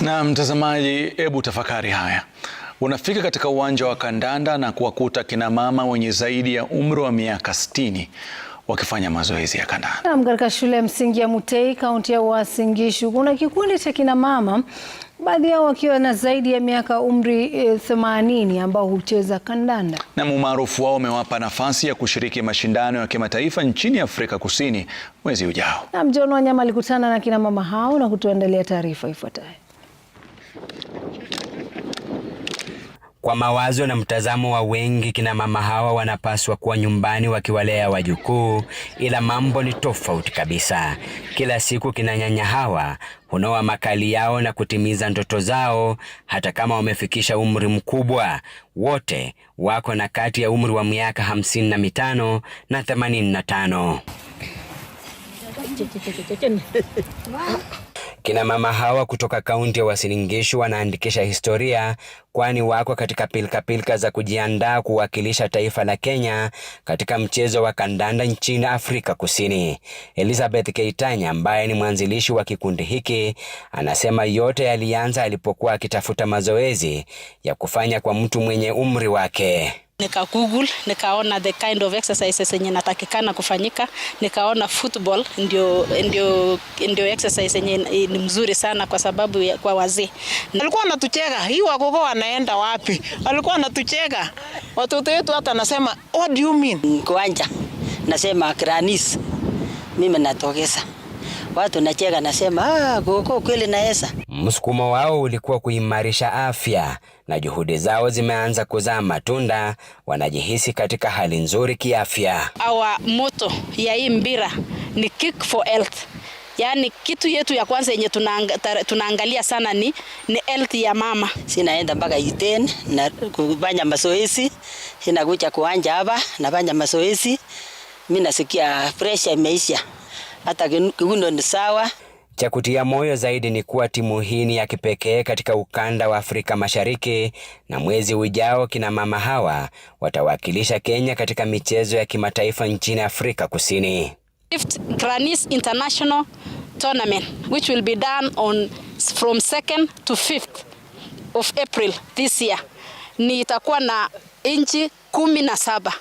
Na mtazamaji, hebu tafakari haya. Unafika katika uwanja wa kandanda na kuwakuta kina mama wenye zaidi ya umri wa miaka 60 wakifanya mazoezi ya kandanda. Naam, katika shule ya msingi ya Mutei, kaunti ya Uasin Gishu, kuna kikundi cha kina mama, baadhi yao wakiwa na zaidi ya miaka umri 80 e, ambao hucheza kandanda. Na umaarufu wao umewapa nafasi ya kushiriki mashindano ya kimataifa nchini Afrika Kusini mwezi ujao. Naam, John Wanyama alikutana na kina mama hao na kutuandalia taarifa ifuatayo. Kwa mawazo na mtazamo wa wengi, kina mama hawa wanapaswa kuwa nyumbani wakiwalea wajukuu, ila mambo ni tofauti kabisa. Kila siku kina nyanya hawa hunoa makali yao na kutimiza ndoto zao, hata kama wamefikisha umri mkubwa. Wote wako na kati ya umri wa miaka hamsini na mitano na themanini na tano. Kina mama hawa kutoka kaunti ya Uasin Gishu wanaandikisha historia, kwani wako katika pilkapilka za kujiandaa kuwakilisha taifa la Kenya katika mchezo wa kandanda nchini Afrika Kusini. Elizabeth Keitanya ambaye ni mwanzilishi wa kikundi hiki anasema yote yalianza alipokuwa akitafuta mazoezi ya kufanya kwa mtu mwenye umri wake. Nika Google nikaona the kind of exercises yenye natakikana kufanyika, nikaona football ndio, ndio, ndio exercise yenye ni mzuri sana kwa sababu ya, kwa wazee alikuwa anatucheka hii, wagogo wanaenda wapi? Alikuwa anatucheka watoto wetu, hata nasema what do you mean kwanja, nasema granis mimi natokesa watu nacheka, nasema ah, gogo kweli naesa Msukumo wao ulikuwa kuimarisha afya na juhudi zao zimeanza kuzaa matunda. Wanajihisi katika hali nzuri kiafya. Our moto ya hii mpira ni kick for health, yaani kitu yetu ya kwanza yenye tunaangalia sana ni, ni health ya mama. Sinaenda mpaka Iten na kufanya mazoezi, sinakuja kuanja hapa nafanya mazoezi, mi nasikia presha imeisha, hata kiuno ni sawa. Cha kutia moyo zaidi ni kuwa timu hii ni ya kipekee katika ukanda wa Afrika Mashariki na mwezi ujao kina mama hawa watawakilisha Kenya katika michezo ya kimataifa nchini Afrika Kusini. Granis International Tournament which will be done on from 2nd to 5th of April this year. Ni itakuwa na nchi kumi na saba.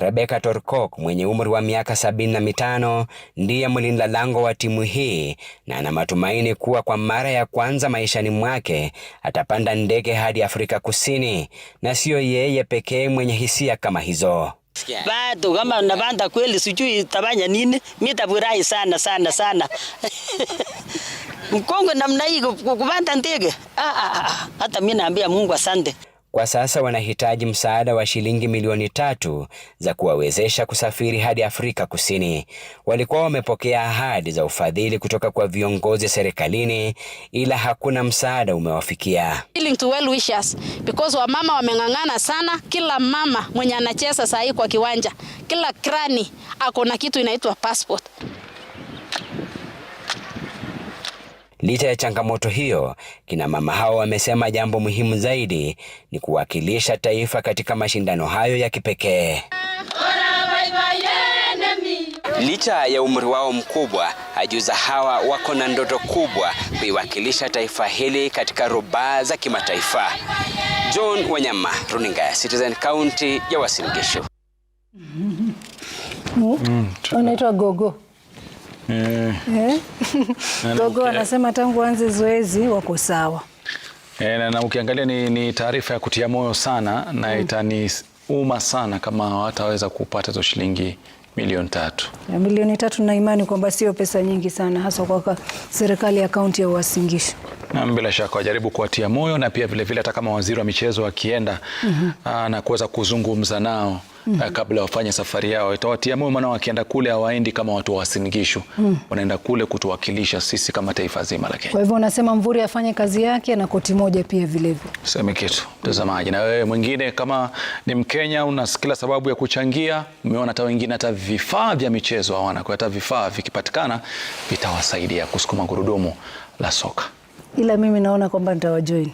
Rebecca Torkok mwenye umri wa miaka sabini na mitano ndiye mlinda lango wa timu hii na ana matumaini kuwa kwa mara ya kwanza maishani mwake atapanda ndege hadi Afrika Kusini, na siyo yeye pekee mwenye hisia kama hizo. Bado kama napanda kweli, sijui tabanya nini, mimi tafurahi sana sana sana mkongwe namna hii kupanda ndege. Ah, ah, ah, hata mimi naambia Mungu asante. Kwa sasa wanahitaji msaada wa shilingi milioni tatu za kuwawezesha kusafiri hadi Afrika Kusini. Walikuwa wamepokea ahadi za ufadhili kutoka kwa viongozi serikalini, ila hakuna msaada umewafikia. Well because wamama wameng'ang'ana sana. Kila mama mwenye anacheza saa kwa kiwanja, kila krani ako na kitu inaitwa passport Licha ya changamoto hiyo, kina mama hao wamesema jambo muhimu zaidi ni kuwakilisha taifa katika mashindano hayo ya kipekee. Licha ya umri wao mkubwa, ajuza hawa wako na ndoto kubwa kuiwakilisha taifa hili katika rubaa za kimataifa. John Wanyama, runinga ya Citizen, kaunti ya Uasin Gishu. Mm, Unaitwa Gogo. Eh. Eh? dogo anasema tangu anze zoezi wako sawa. E, na, na ukiangalia ni, ni taarifa ya kutia moyo sana na mm. itaniuma sana kama hawataweza kupata hizo shilingi milioni tatu. Ya, milioni tatu na imani kwamba sio pesa nyingi sana hasa kwa serikali ya kaunti ya Uasin Gishu. Na bila shaka wajaribu kuwatia moyo na pia vilevile hata kama waziri wa michezo akienda mm -hmm. na kuweza kuzungumza nao mm -hmm. kabla wafanye safari yao itawatia moyo, maana wakienda kule hawaendi kama watu wa mm -hmm. wanaenda kule kutuwakilisha sisi kama taifa zima la Kenya. Kwa hivyo unasema mvuri afanye kazi yake na koti moja pia vilevile. Sema kitu mtazamaji, na wewe mwingine kama ni Mkenya una kila sababu ya kuchangia. Umeona hata wengine hata vifaa vya michezo hawana, kwa hata vifaa vikipatikana vitawasaidia kusukuma gurudumu la soka, ila mimi naona kwamba nitawajoin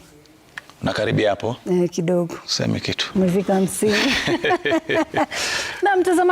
na Nakaribia hapo eh, kidogo seme kitu umefika hamsini na mtazamaji